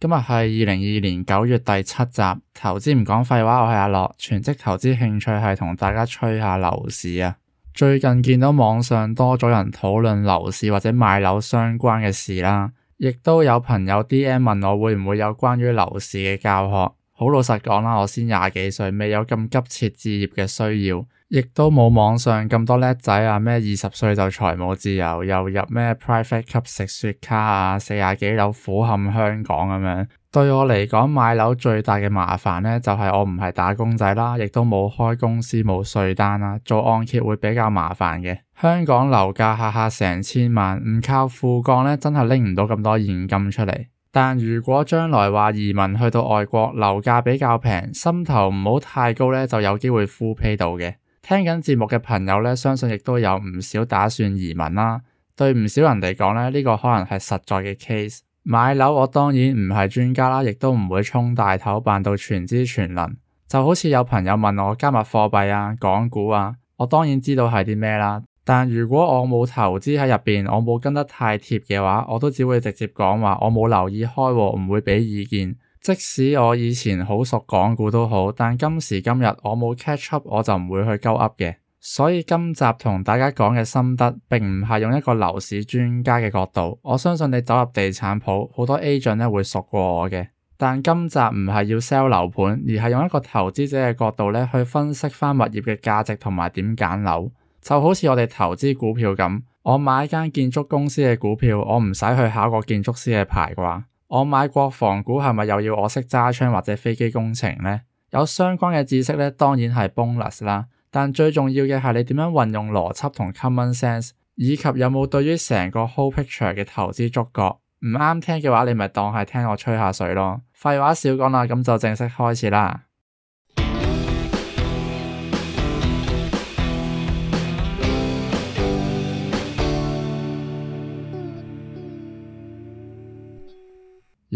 今日係二零二二年九月第七集，投資唔講廢話，我係阿樂，全職投資，興趣係同大家吹下樓市啊！最近見到網上多咗人討論樓市或者買樓相關嘅事啦，亦都有朋友 DM 問我會唔會有關於樓市嘅教學。好老實講啦，我先廿幾歲，未有咁急切置業嘅需要，亦都冇網上咁多叻仔啊，咩二十歲就財務自由，又入咩 private club 食雪卡啊，四廿幾樓俯瞰香港咁樣。對我嚟講，買樓最大嘅麻煩咧，就係我唔係打工仔啦，亦都冇開公司冇稅單啦，做按揭會比較麻煩嘅。香港樓價下下成千萬，唔靠副槓咧，真係拎唔到咁多現金出嚟。但如果將來話移民去到外國，樓價比較平，心頭唔好太高呢，就有機會 full pay 到嘅。聽緊節目嘅朋友呢，相信亦都有唔少打算移民啦。對唔少人嚟講呢，呢、呢個可能係實在嘅 case。買樓我當然唔係專家啦，亦都唔會充大頭扮到全知全能。就好似有朋友問我加密貨幣啊、港股啊，我當然知道係啲咩啦。但如果我冇投資喺入邊，我冇跟得太貼嘅話，我都只會直接講話，我冇留意開，唔會畀意見。即使我以前好熟港股都好，但今時今日我冇 catch up，我就唔會去鳩噏嘅。所以今集同大家講嘅心得並唔係用一個樓市專家嘅角度。我相信你走入地產鋪，好多 agent 咧會熟過我嘅。但今集唔係要 sell 樓盤，而係用一個投資者嘅角度咧去分析翻物業嘅價值同埋點揀樓。就好似我哋投資股票咁，我買間建築公司嘅股票，我唔使去考個建築師嘅牌啩？我買國防股係咪又要我識揸槍或者飛機工程呢？有相關嘅知識呢，當然係 bonus 啦。但最重要嘅係你點樣運用邏輯同 common sense，以及有冇對於成個 whole picture 嘅投資觸覺。唔啱聽嘅話，你咪當係聽我吹下水咯。廢話少講啦，咁就正式開始啦。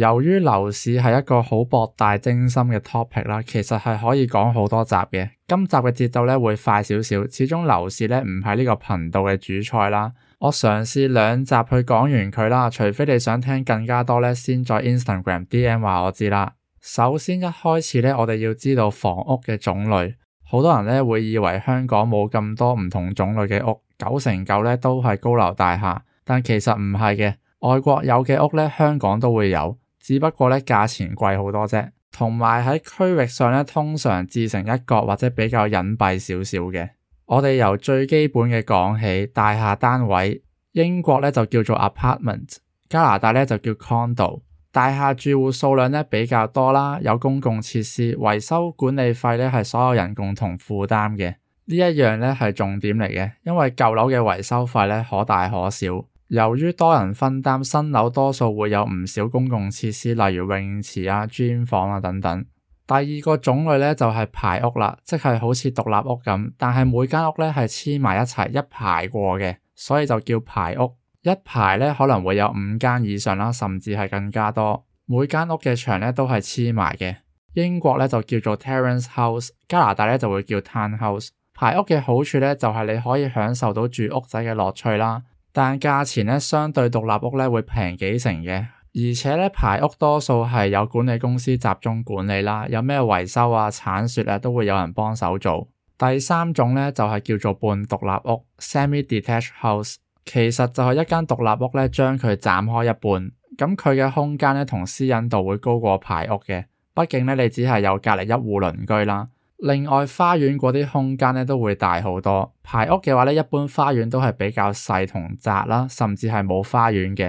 由於樓市係一個好博大精深嘅 topic 啦，其實係可以講好多集嘅。今集嘅節奏咧會快少少，始終樓市咧唔係呢個頻道嘅主菜啦。我嘗試兩集去講完佢啦，除非你想聽更加多咧，先在 Instagram DM 話我知啦。首先一開始呢我哋要知道房屋嘅種類。好多人呢會以為香港冇咁多唔同種類嘅屋，九成九咧都係高樓大廈，但其實唔係嘅。外國有嘅屋呢，香港都會有。只不過咧，價錢貴好多啫，同埋喺區域上，通常自成一角或者比較隱蔽少少嘅。我哋由最基本嘅講起，大廈單位，英國呢就叫做 apartment，加拿大呢就叫 condo。大廈住戶數量咧比較多啦，有公共設施，維修管理費呢係所有人共同負擔嘅。呢一樣呢係重點嚟嘅，因為舊樓嘅維修費呢可大可小。由於多人分擔，新樓多數會有唔少公共設施，例如泳池啊、gym 房啊等等。第二個種類咧就係、是、排屋啦，即係好似獨立屋咁，但係每間屋咧係黐埋一齊一排過嘅，所以就叫排屋。一排咧可能會有五間以上啦，甚至係更加多。每間屋嘅牆咧都係黐埋嘅。英國呢，就叫做 terrace house，加拿大呢，就會叫 town house。排屋嘅好處咧就係、是、你可以享受到住屋仔嘅樂趣啦。但價錢呢，相對獨立屋呢會平幾成嘅，而且呢，排屋多數係有管理公司集中管理啦，有咩維修啊、鏟雪啊都會有人幫手做。第三種呢，就係叫做半獨立屋 （semi-detached house），其實就係一間獨立屋呢將佢斬開一半，咁佢嘅空間呢同私隱度會高過排屋嘅。畢竟呢，你只係有隔籬一戶鄰居啦。另外，花園嗰啲空間咧都會大好多。排屋嘅話咧，一般花園都係比較細同窄啦，甚至係冇花園嘅。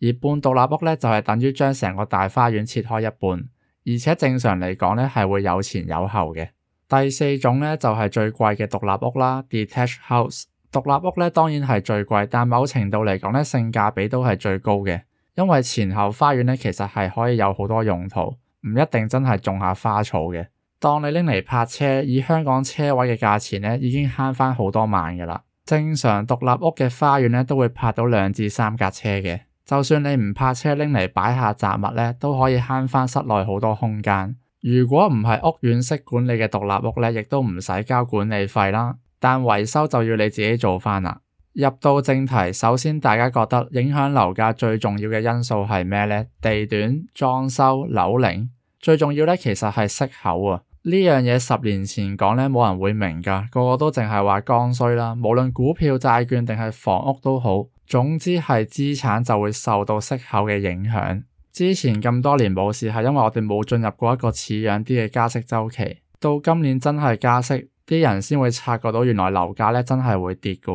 而半獨立屋咧，就係等於將成個大花園切開一半，而且正常嚟講咧，係會有前有後嘅。第四種咧，就係最貴嘅獨立屋啦，detached house。獨立屋咧當然係最貴，但某程度嚟講咧，性價比都係最高嘅，因為前後花園咧其實係可以有好多用途，唔一定真係種下花草嘅。當你拎嚟泊車，以香港車位嘅價錢已經慳翻好多萬噶啦。正常獨立屋嘅花園都會泊到兩至三架車嘅。就算你唔泊車，拎嚟擺下雜物都可以慳翻室內好多空間。如果唔係屋苑式管理嘅獨立屋咧，亦都唔使交管理費啦。但維修就要你自己做翻啦。入到正題，首先大家覺得影響樓價最重要嘅因素係咩呢？地段、裝修、樓齡，最重要咧，其實係息口啊。呢樣嘢十年前講咧，冇人會明噶，個個都淨係話剛需啦。無論股票、債券定係房屋都好，總之係資產就會受到息口嘅影響。之前咁多年冇事，係因為我哋冇進入過一個似樣啲嘅加息週期，到今年真係加息，啲人先會察覺到原來樓價咧真係會跌噶。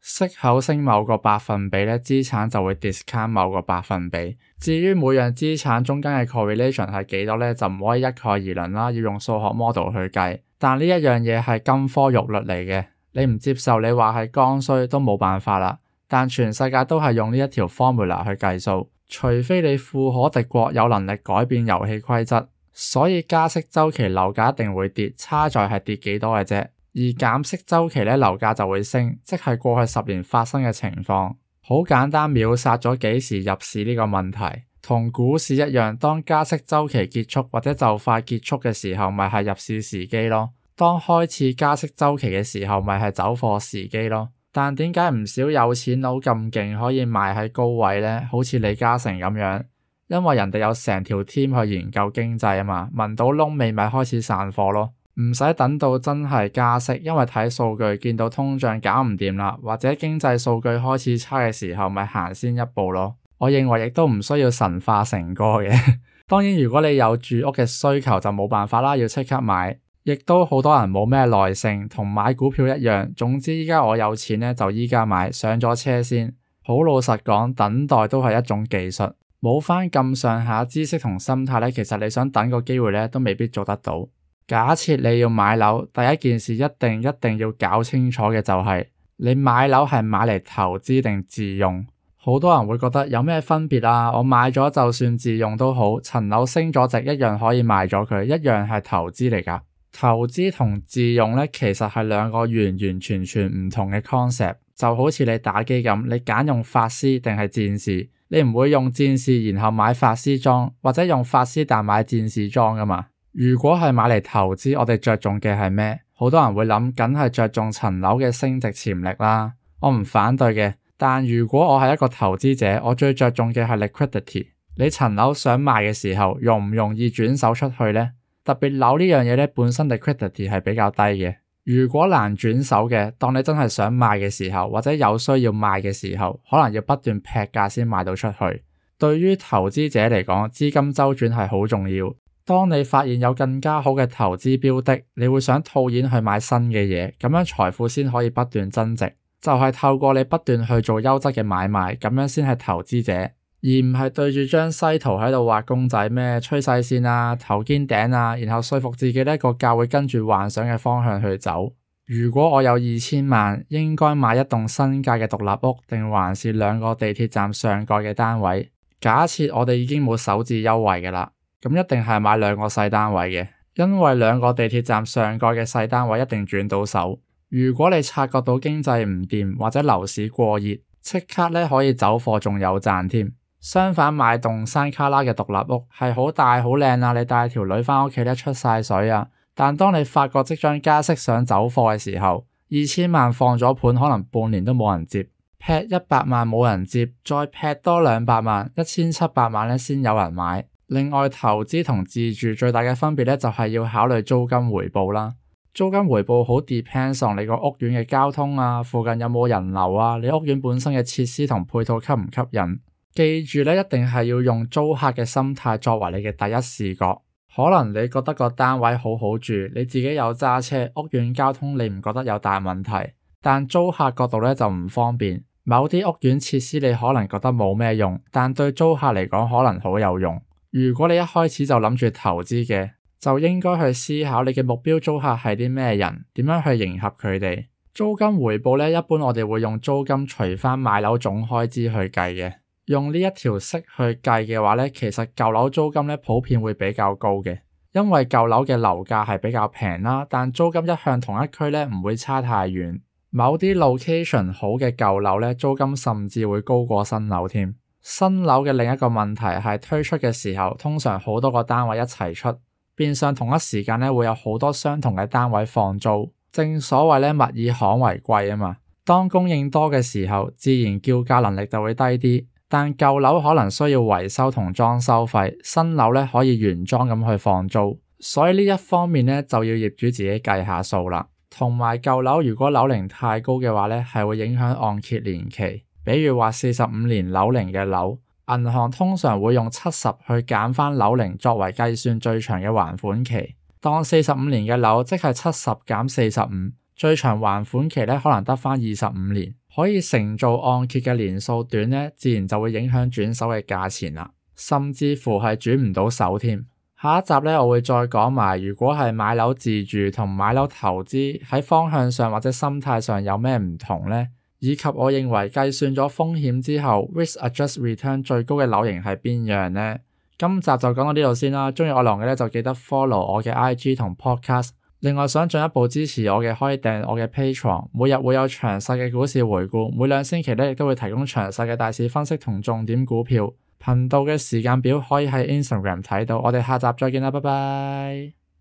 息口升某個百分比咧，資產就會 discount 某個百分比。至於每樣資產中間嘅 correlation 係幾多呢？就唔可以一概而論啦，要用數學 model 去計。但呢一樣嘢係金科玉律嚟嘅，你唔接受你話係剛需都冇辦法啦。但全世界都係用呢一條 formula 去計數，除非你富可敵國有能力改變遊戲規則。所以加息週期樓價一定會跌，差在係跌幾多嘅啫。而減息週期呢，樓價就會升，即係過去十年發生嘅情況。好簡單，秒殺咗幾時入市呢個問題，同股市一樣，當加息週期結束或者就快結束嘅時候，咪係入市時機咯。當開始加息週期嘅時候，咪係走貨時機咯。但點解唔少有錢佬咁勁可以賣喺高位呢？好似李嘉誠咁樣，因為人哋有成條 team 去研究經濟啊嘛，聞到窿味咪開始散貨咯。唔使等到真係加息，因為睇數據見到通脹搞唔掂啦，或者經濟數據開始差嘅時候，咪行先一步咯。我認為亦都唔需要神化成哥嘅。 當然，如果你有住屋嘅需求就冇辦法啦，要即刻買。亦都好多人冇咩耐性，同買股票一樣。總之，依家我有錢呢，就依家買，上咗車先。好老實講，等待都係一種技術，冇返咁上下知識同心態呢，其實你想等個機會呢，都未必做得到。假設你要買樓，第一件事一定一定要搞清楚嘅就係、是、你買樓係買嚟投資定自用。好多人會覺得有咩分別啊？我買咗就算自用都好，層樓升咗值一樣可以賣咗佢，一樣係投資嚟㗎。投資同自用呢，其實係兩個完完全全唔同嘅 concept。就好似你打機咁，你揀用法師定係戰士，你唔會用戰士然後買法師裝，或者用法師但買戰士裝㗎嘛。如果係買嚟投資，我哋着重嘅係咩？好多人會諗，梗係着重層樓嘅升值潛力啦。我唔反對嘅，但如果我係一個投資者，我最着重嘅係 liquidity。你層樓想賣嘅時候，容唔容易轉手出去呢？特別樓這呢樣嘢呢，本身 liquidity 係比較低嘅。如果難轉手嘅，當你真係想賣嘅時候，或者有需要賣嘅時候，可能要不斷劈價先賣到出去。對於投資者嚟講，資金周轉係好重要。當你發現有更加好嘅投資標的，你會想套現去買新嘅嘢，咁樣財富先可以不斷增值。就係、是、透過你不斷去做優質嘅買賣，咁樣先係投資者，而唔係對住張西圖喺度畫公仔咩趨勢線啊、頭肩頂啊，然後説服自己呢個價會跟住幻想嘅方向去走。如果我有二千萬，應該買一棟新界嘅獨立屋，定還是兩個地鐵站上蓋嘅單位？假設我哋已經冇首置優惠㗎喇。咁一定係買兩個細單位嘅，因為兩個地鐵站上蓋嘅細單位一定轉到手。如果你察覺到經濟唔掂或者樓市過熱，即刻呢可以走貨，仲有賺添。相反，買棟山卡拉嘅獨立屋係好大好靚啊，你帶條女返屋企呢出晒水啊。但當你發覺即將加息想走貨嘅時候，二千萬放咗盤可能半年都冇人接，劈一百萬冇人接，再劈多兩百萬，一千七百萬呢先有人買。另外，投資同自住最大嘅分別呢，就係要考慮租金回報啦。租金回報好 depends on 你個屋苑嘅交通啊，附近有冇人流啊，你屋苑本身嘅設施同配套吸唔吸引。記住呢，一定係要用租客嘅心態作為你嘅第一視覺。可能你覺得個單位好好住，你自己有揸車，屋苑交通你唔覺得有大問題，但租客角度呢，就唔方便。某啲屋苑設施你可能覺得冇咩用，但對租客嚟講可能好有用。如果你一開始就諗住投資嘅，就應該去思考你嘅目標租客係啲咩人，點樣去迎合佢哋。租金回報呢，一般我哋會用租金除返買樓總開支去計嘅。用呢一條式去計嘅話呢，其實舊樓租金呢，普遍會比較高嘅，因為舊樓嘅樓價係比較平啦，但租金一向同一區呢唔會差太遠。某啲 location 好嘅舊樓呢，租金甚至會高過新樓添。新樓嘅另一個問題係推出嘅時候，通常好多個單位一齊出，變相同一時間咧，會有好多相同嘅單位放租。正所謂咧，物以罕為貴啊嘛，當供應多嘅時候，自然叫價能力就會低啲。但舊樓可能需要維修同裝修費，新樓呢可以原裝咁去放租，所以呢一方面呢，就要業主自己計下數啦。同埋舊樓如果樓齡太高嘅話呢，係會影響按揭年期。比如話四十五年樓齡嘅樓，銀行通常會用七十去減返樓齡作為計算最長嘅還款期。當四十五年嘅樓即係七十減四十五，45, 最長還款期呢可能得返二十五年，可以承做按揭嘅年數短呢，自然就會影響轉手嘅價錢啦，甚至乎係轉唔到手添。下一集呢，我會再講埋，如果係買樓自住同買樓投資喺方向上或者心態上有咩唔同呢？以及我認為計算咗風險之後，risk adjusted return 最高嘅樓型係邊樣呢？今集就講到呢度先啦。中意我郎嘅咧就記得 follow 我嘅 I G 同 podcast。另外想進一步支持我嘅，可以訂我嘅 Patreon。每日會有詳細嘅股市回顧，每兩星期咧亦都會提供詳細嘅大市分析同重點股票。頻道嘅時間表可以喺 Instagram 睇到。我哋下集再見啦，拜拜。